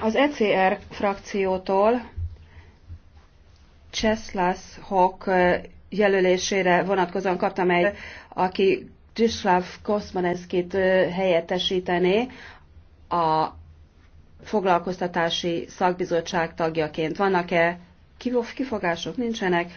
Az ECR frakciótól Cseszlász Hok jelölésére vonatkozóan kaptam egy, aki Tislav Koszmaneszkit helyettesítené a foglalkoztatási szakbizottság tagjaként. Vannak-e kifogások? Nincsenek.